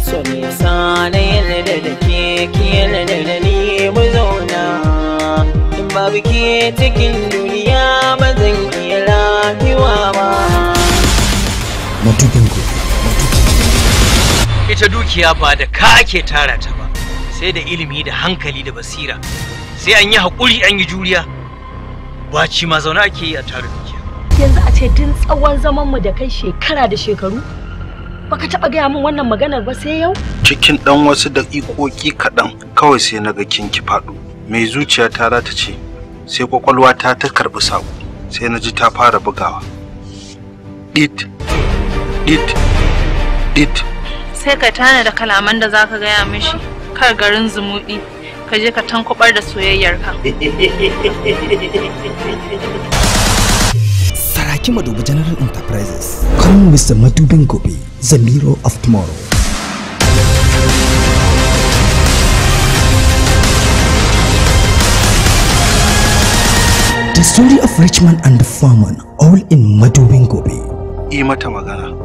so nisa na duniya ba zan ita dukiya ba da ka ake tara ta ba sai da ilimi da hankali da basira sai an yi haƙuri an yi juriya ba ci ma zaune ake yi a tara dukiya yanzu a ce tun tsawon zamanmu da kai shekara da shekaru baka taba gaya min wannan maganar ba sai yau cikin dan wasu daƙiƙoƙi kaɗan kawai sai na ga kinki faɗo mai zuciya ta rata ce sai kwakwalwa ta ta karɓi sako sai na ji ta fara bugawa dit dit dit sai ka tana da kalaman da zaka gaya mishi kar garin zumuɗi ka je ka tankubar da soyayyarka Ki madubi General Enterprises. Come with the Madubin gobe the mirror of tomorrow. The story of rich man and the farmer all in Madubin gobe mata magana.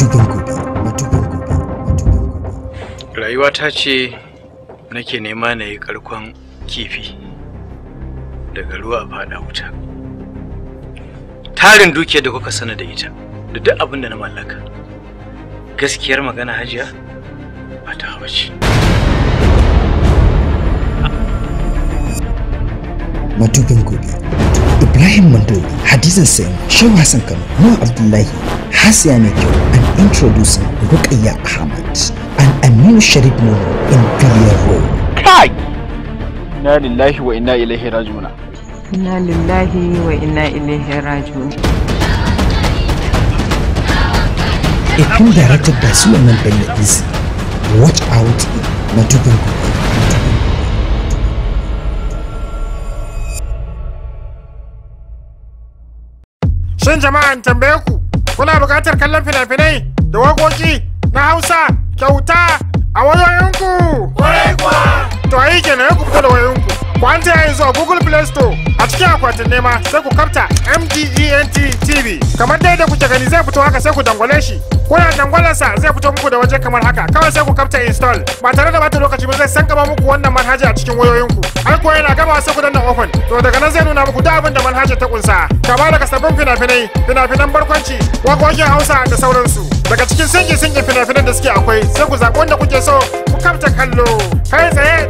madubin gobe madubin gobe madubin gobe ta ce nake nema na yi karkon kifi daga ruwa fada wuta tarin dukiyar da kuka sana da ita da duk abin da na mallaka gaskiyar magana hajiya ba ta hawa ce madubin gobe Ibrahim Mandoli, Hadizan Sain, Shehu Hassan Kano, Noah Abdullahi, Hassia Nekyo, and introducing Rukaiya Ahmad and Aminu Sharif Nuno in Billiard Road. Kai! Inna lillahi wa inna ilaihi rajuna. Inna lillahi wa inna ilaihi rajuna. A film directed by Suleiman Ben Watch Out in Madubengu. Shin jama'an tambaye ku, kuna buƙatar kallon fina-finai da waƙoƙi na Hausa kyauta a wayoyinku? Ƙwarai kuwa! To ayi kenan ku fito da wayoyinku. Ku an ta yanzu a Google Play Store a cikin akwatin nema sai ku kafta MDENT TV. Kamar dai da kuke gani zai fito haka sai ku dangwale shi. dangwale sa zai fito muku da waje kamar haka kawai sai ku kafta install. Ba tare da bata lokaci ba zai san gaba muku wannan manhaja a cikin wayoyinku. Ai ko yana gama sai ku danna open. To daga nan zai nuna muku duk abin da manhajar ta kunsa. Kama daga sabbin fina-finai, fina-finan barkwanci, waƙoƙin Hausa da sauransu. Daga cikin singe-singe fina-finan da suke akwai sai ku zaɓi wanda kuke so ku kafta kallo. Kai tsaye